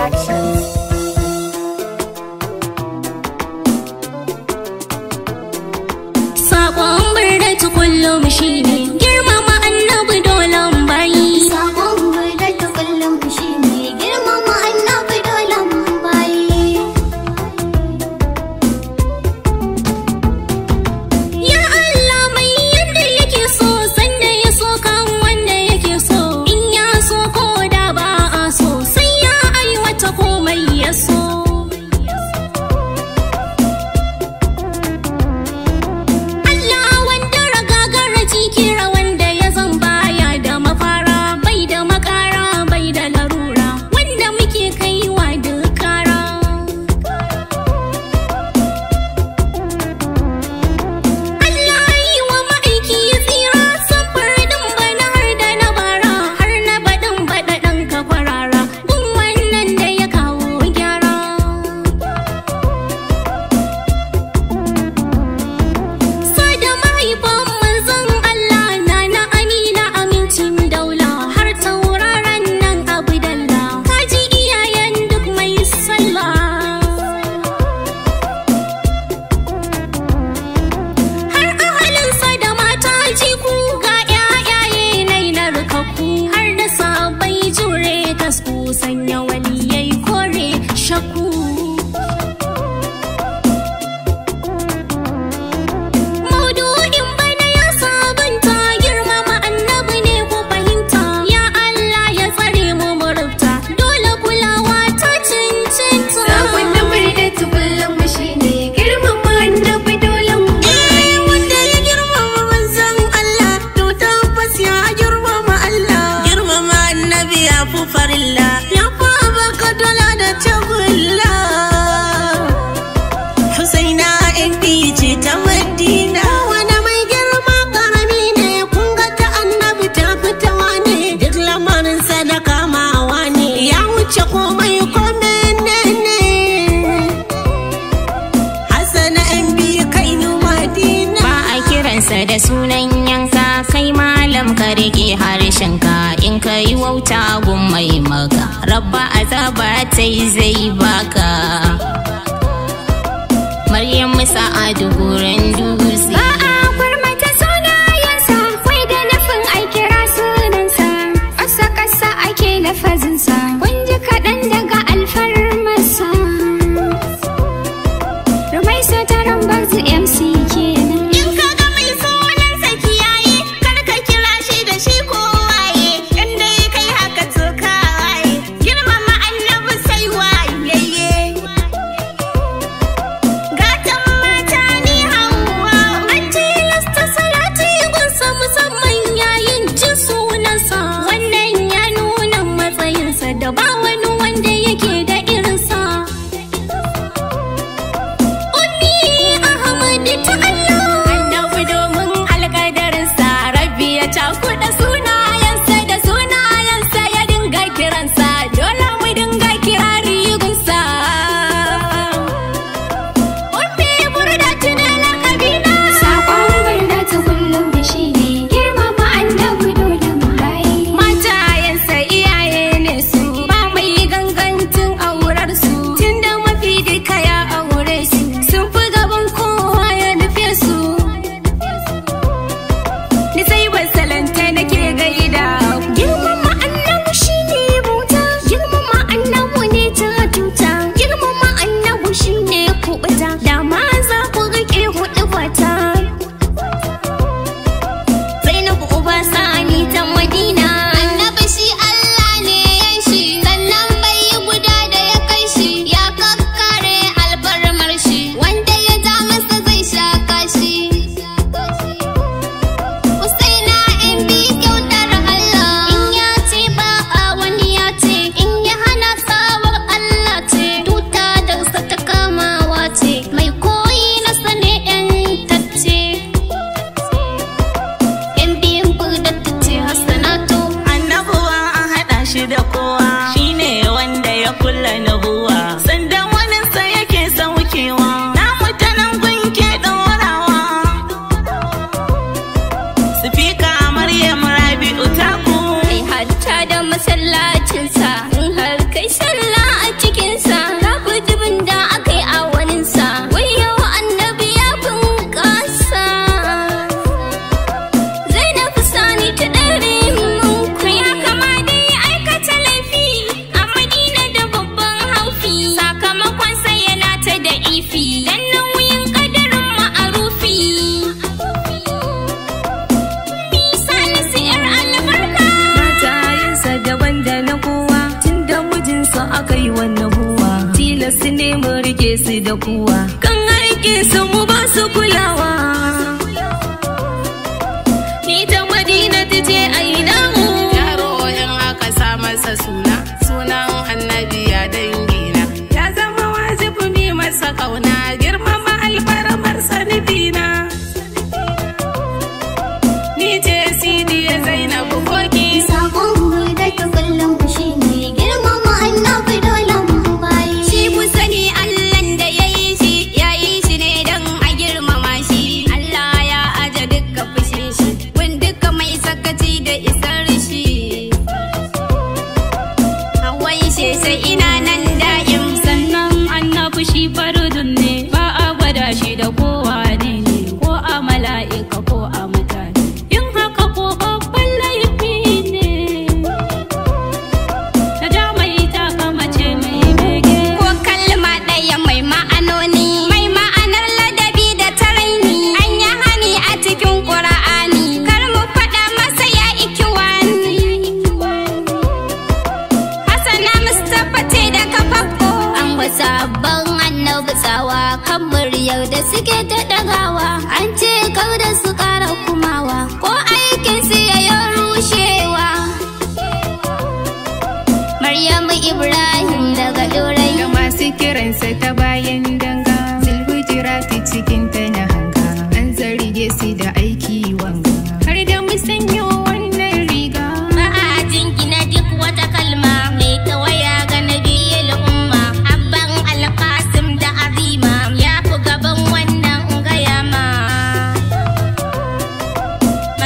satisfaction. ta ba ta yi zai baka Maryam Sa'adu Gurandu suke ta ɗagawa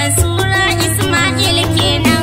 Mansura Ismail kenan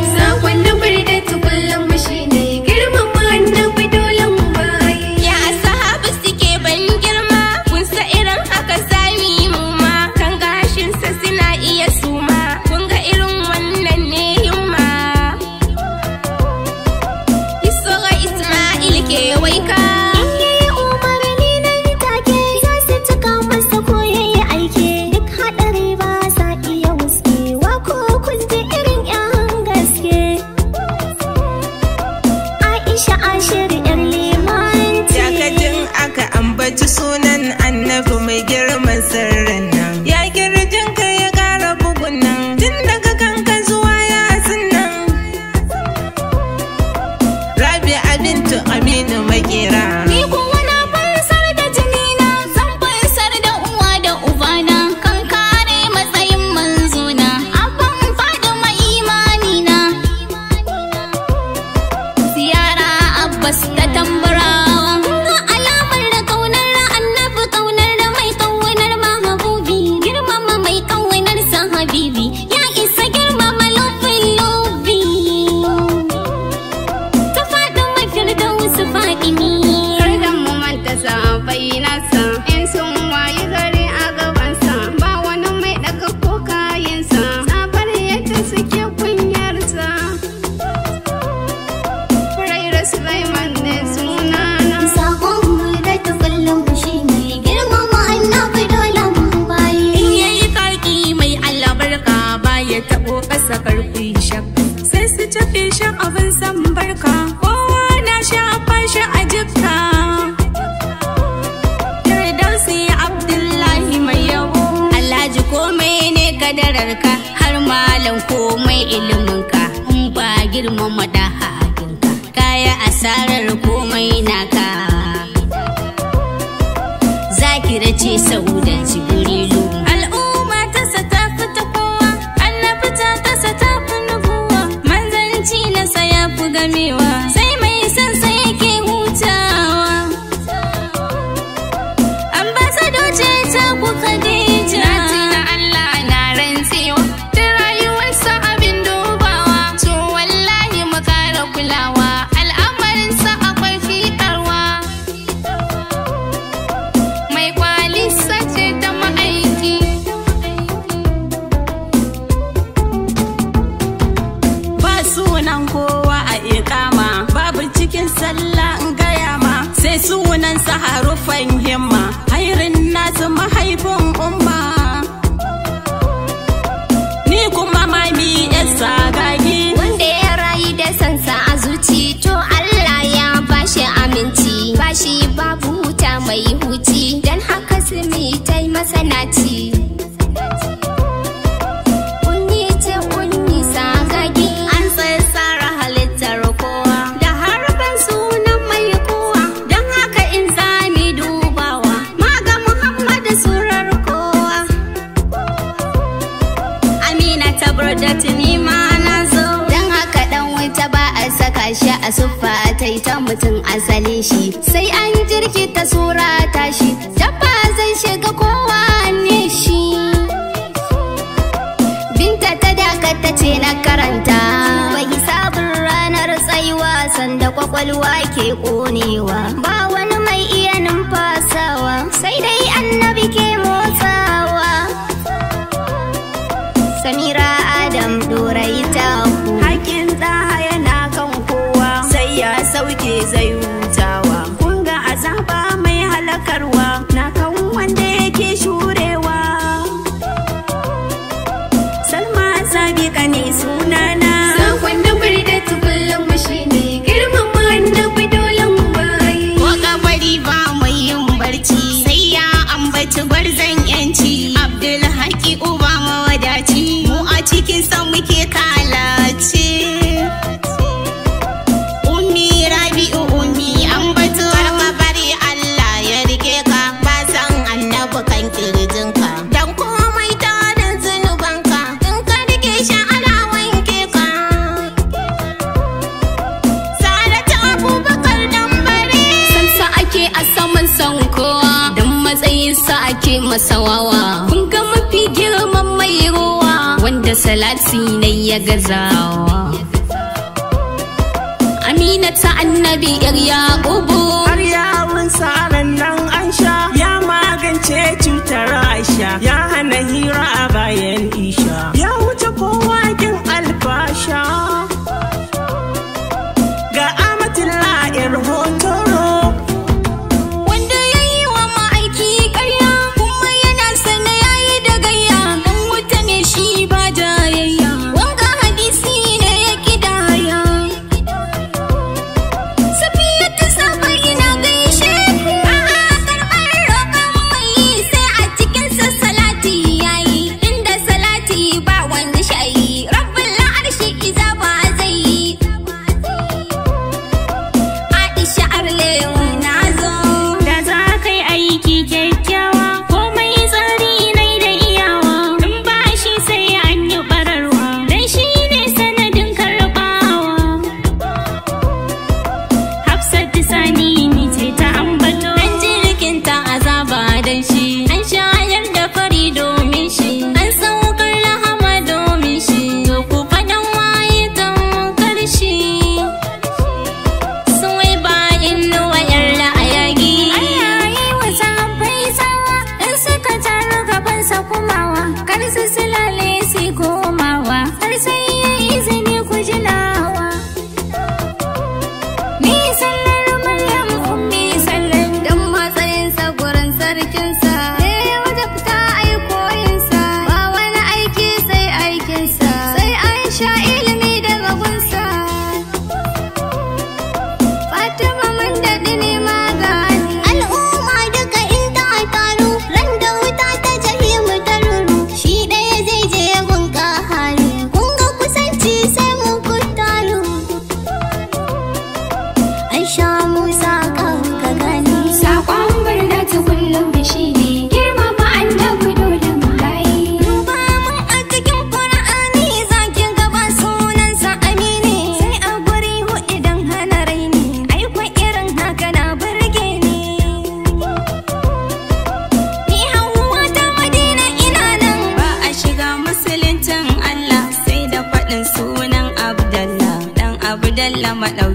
can ce al'umma ta ta kowa ta fi na ya gamewa masanaci kunni ce kunni sagagi an tsatsara halittar kowa da harban sunan mai kowa don haka in zami dubawa maga muhammadu surar kowa amina ta burdatu ni ma don haka dan wuta ba saka shi a suffa ta mutum asalin shi sai an jirkita sura tashi walwa ke ƙonewa ba san yanci abdul haƙi uba mawadaci mu a cikin san muke kare masawawa. kun ga mafi girman mai ruwa wanda salati na ya gazawa amina ta annabi yar yaqubu har yawun sa'ar là mà đầu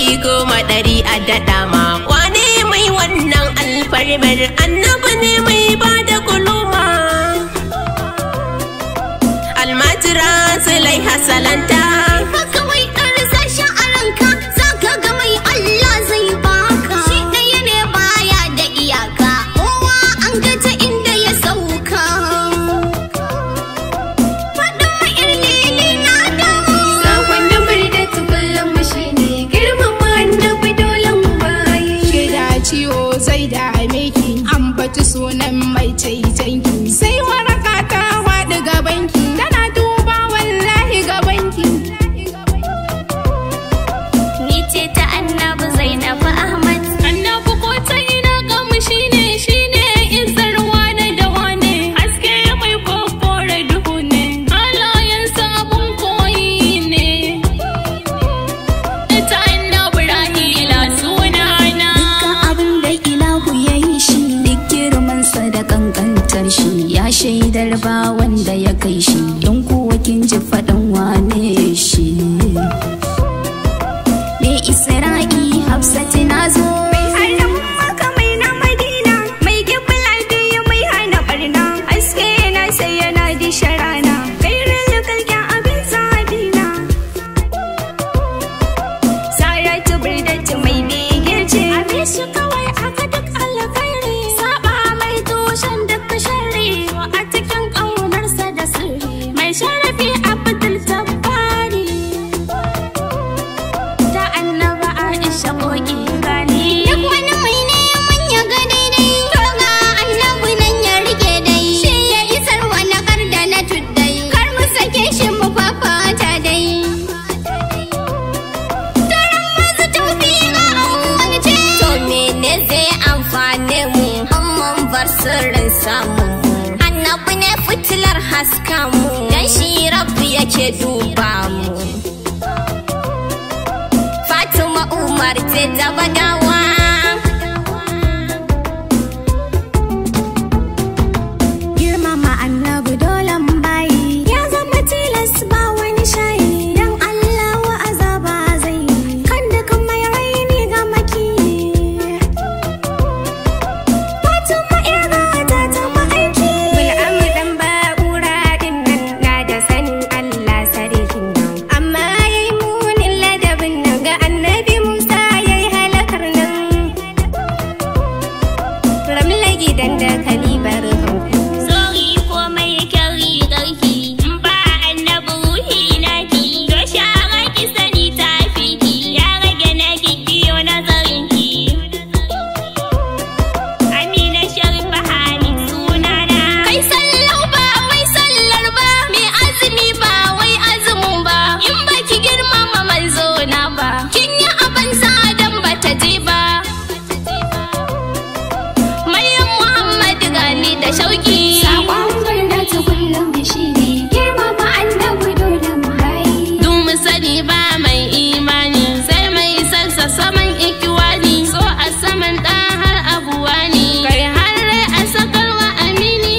ɗari goma ɗari a daɗa ma wane mai wannan alfarmar annabi ne mai ba da kuluma almajira zulai hasalanta shaidar ba wanda ya kai shi don kowa kin ji faɗin wane shi ne isra'i hafsatin shauki sakon gwamnati kullum shi ne girmama annabi dole mu hayi dun mu sani ba mai imani sai mai sansa saman ikiwani so a saman da har abuwani. ne kai har rai a sakarwa amini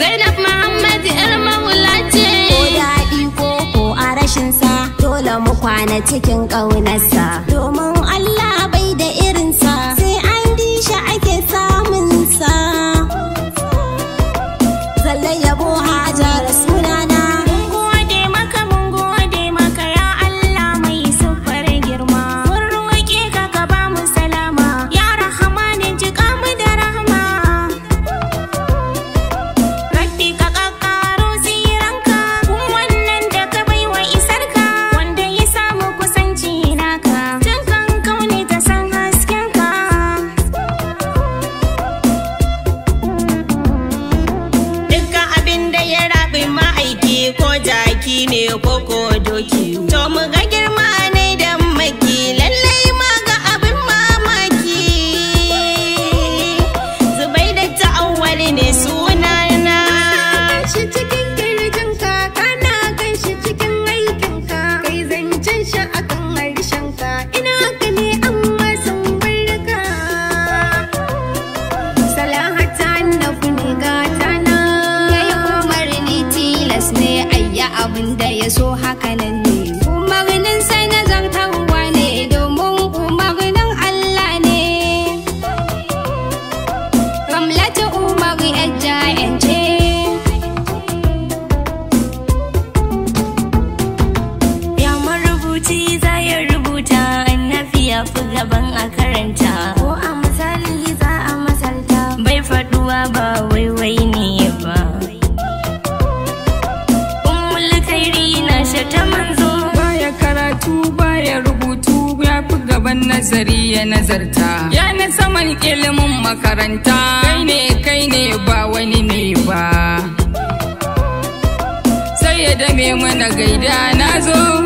zainab muhammad yar mahula ce ko daɗi ko ko a rashin sa dole mu kwana cikin ƙaunarsa ya so ne nazari ya nazarta ya na saman ilimin makaranta kai ne kai ne ba wani ne ba sai ya dame mana gaida na zo